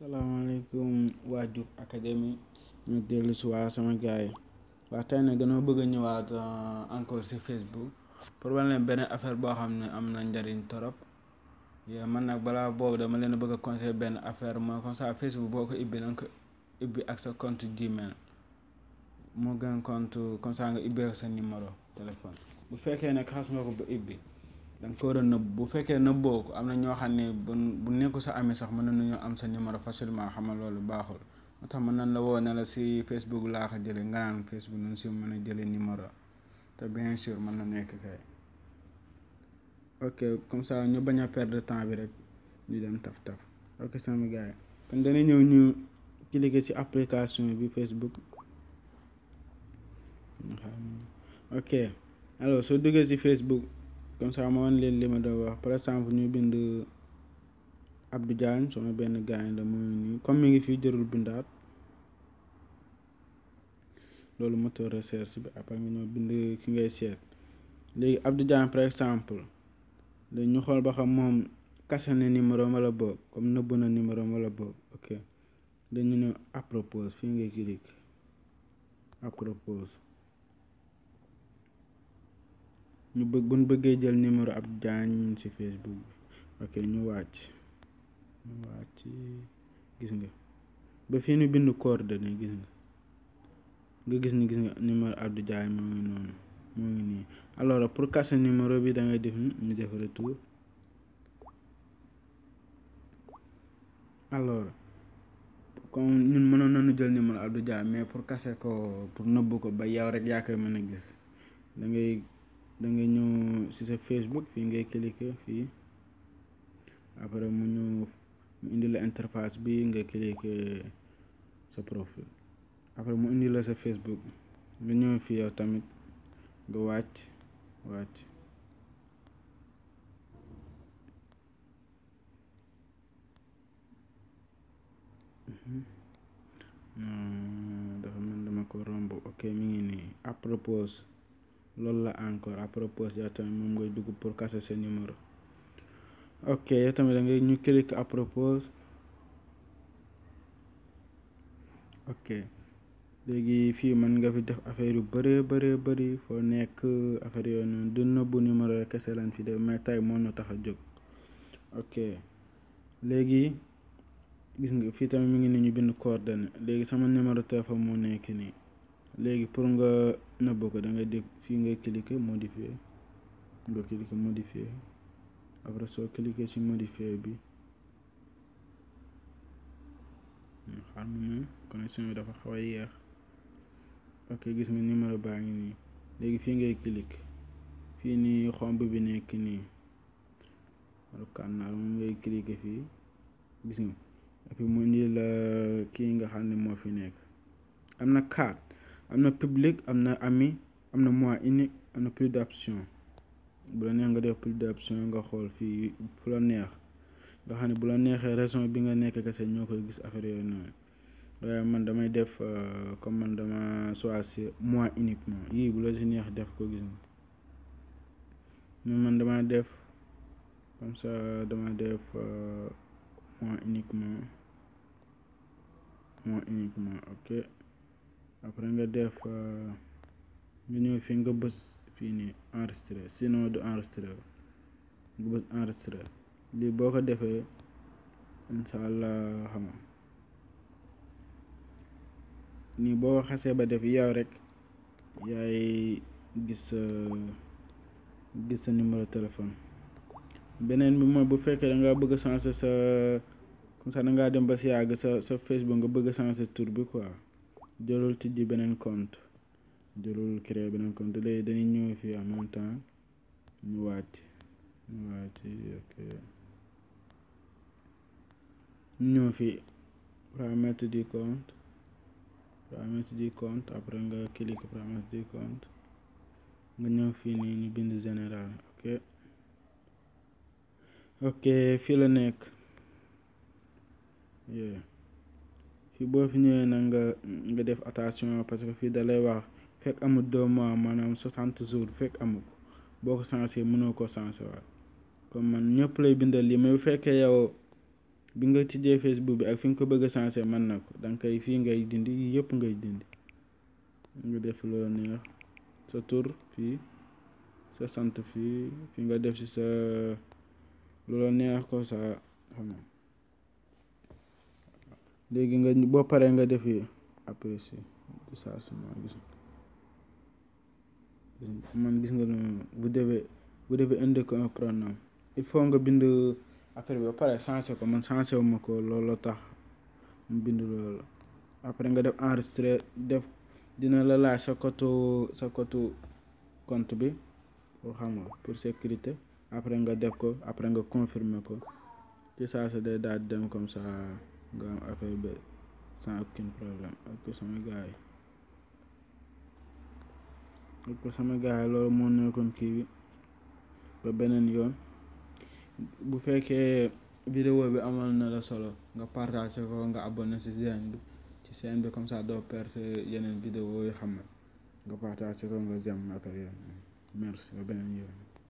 salaamaaleykum waa Diouf Académie ñu dellu si waa sama gars yi waa tey nag dañoo bëgg a ñëwaat euh, encore si Facebook pour wane leen benn affaire boo xam ne am na njariñ torop yee man nag balaa boobu dama leen bëgg a conseiller affaire mooy comme ça Facebook boo ko ibbi na ko ibbi ak sa compte Gmail moo gën compte comme ça nga ibbi ak sa numéro téléphone bu fekkee ne xas nga ba ibbi da nga ko nëbb bu fekkee nëbboo ko am na ñoo xam ne bu bu nekku sa ami sax mën nañoo am sa numéro facilement na loolu baaxul moo tax mën nañ la woo ne la si Facebook laa ko jëlee nga naan Facebook noonu si mën a jëlee numéro te bien sûr mën na nekk kay ok comme ça ñu bañ a perdre temps bi rek ñu dem taf taf ok sama gars yi kon dana ñëw ñu cliquer ci application bi Facebook ok alors soo duggee ci Facebook. comme ça ma wan leen li ma doon wax par exemple ñu bind Abdou Diagne sama benn gaañ la mooy nii comme mi ngi fi jërul bindaat loolu moteur recherche bi après nga ñëw bind ki ngay seet léegi Abdou Diagne par exemple dañu xool ba xam moom kase na numéro wala boog comme nëbb na numéro wala boog ok dañu ne à fii ngay clique ñu bëgg bu ñu bëggee jël numéro ab jaañ ci facebook bi ok ñu wàcc ñu wàcc gis nga ba fii ñu bind coordonnées gis nga nga gis ni gis nga numéro Abdou moo ngi noonu moo ngi nii alors pour casser numéro bi da ngay def ñu def retour alors comme ñun mënoon nañu jël numéro Abdou Diaye mais pour casser ko pour nëbb ko ba yow rek yaa koy mën a gis da da nga ñëw si sa Facebook fii ngay cliquer fii après mu ñëw mu indi la interface bi nga cliquer sa profil après mu indi la sa Facebook nga ñëw fii yow tamit nga wàcc wàcc mhm. ah, dafa mel dama ko romb ok mi ngi nii à loolu la encore à propos yow tamit moom ngay dugg pour casser sa numéro ok yow tamit da ñu kilik à propos ok léegi fii man nga fi def affaire yu bëree bëree bëri foo nekk affaire yooyu noonu du nëbbu numéro rek kese lañ fii def mais tey moo ñu tax a jóg ok léegi gis nga fii tamit mu ngi ni ñu bind coordonnées léegi sama numéro téléphone moo nekk nii léegi pour nga nëbb ko da ngay def fii ngay cliquer modifier nga cliquer modifier après soo cliquer ci modifier bi xam ne connexion bi dafa xaw a yéex ok gis nga numéro baa ngi nii léegi fii ngay clique fii nii xomb bi nekk nii wala kànnaar moom fii gis nga et puis mu nga xam ne moo fi nekk am na carte am na public am na ami am na mois unique am na plus d'option bu la neex nga def plus d'option nga xool fii fu la neex nga xam ne bu la neexee raison bi nga nekk kese ñoo koy gis affaire yooyu noonu waaye man damay def euh, comme man dama choisir mois uniquement la si neex def ko gis man dama def ça dama def euh, mois uniquement mois uniquement après nga def euh, nga ñëw fii nga bës fii nii enregistré sinon du enregistré nga bës enregistré lii boo ko defee incha allah nii boo xasee ba def yow rek yaay gis sa euh, gis sa numéro téléphone beneen bi mooy bu fekkee da bëgg a sa comme ça da dem ba si yàgg sa sa Facebook nga bëgg a changer tur bi quoi jëlul tijji beneen compte jëlul créer beneen compte léegi dañuy ñëw fii en même temps ñu wàcc ñu wàcc ok ñëw fii paramètre du compte paramètre du compte après nga clique paramètre du compte nga ñëw fii ñu bind général ok ok fii la nekk fi boo fi ñëwee nag nga nga def attention parce que fii dalay wax fekk amul deux mois maanaam soixante jours fekk amul boo ko sensé mënoo ko sensé waat comme man ñëpp lay bindal lii mais bu fekkee yow bi nga tijjee Facebook bi ak fi nga ko bëgg a man mën na ko danga koy fii ngay dindi yëpp ngay dindi nga def loo neex sa tur fii sant fii fi nga def si sa loola neex ko sa xam léegi nga boo paree nga def yi après si saa su ma gis man gis nga bu defee bu defee indiqué un il faut nga bind affaire bi ba pare changé ko man changé wu ma ko looloo tax mu bind loolu après nga def enregistré def dina la laa sa kotu sa kotu bi pour xam nga pour sécurité après nga def ko après nga confirmer ko de saa si day daal dem comme a am affaire ba sans aucun problème ok sama gars yi ok sama gars yi loolu moo nekkoon kii bi ba beneen yoon bu fekkee vidéo bi amal na la solo nga partage ko nga abonné ci chaîne bi ci chaîne bi comme ça doo perte yeneen vidéo yi xam nga nga partage ko nga jàmm ak yoon merci ba beneen yoon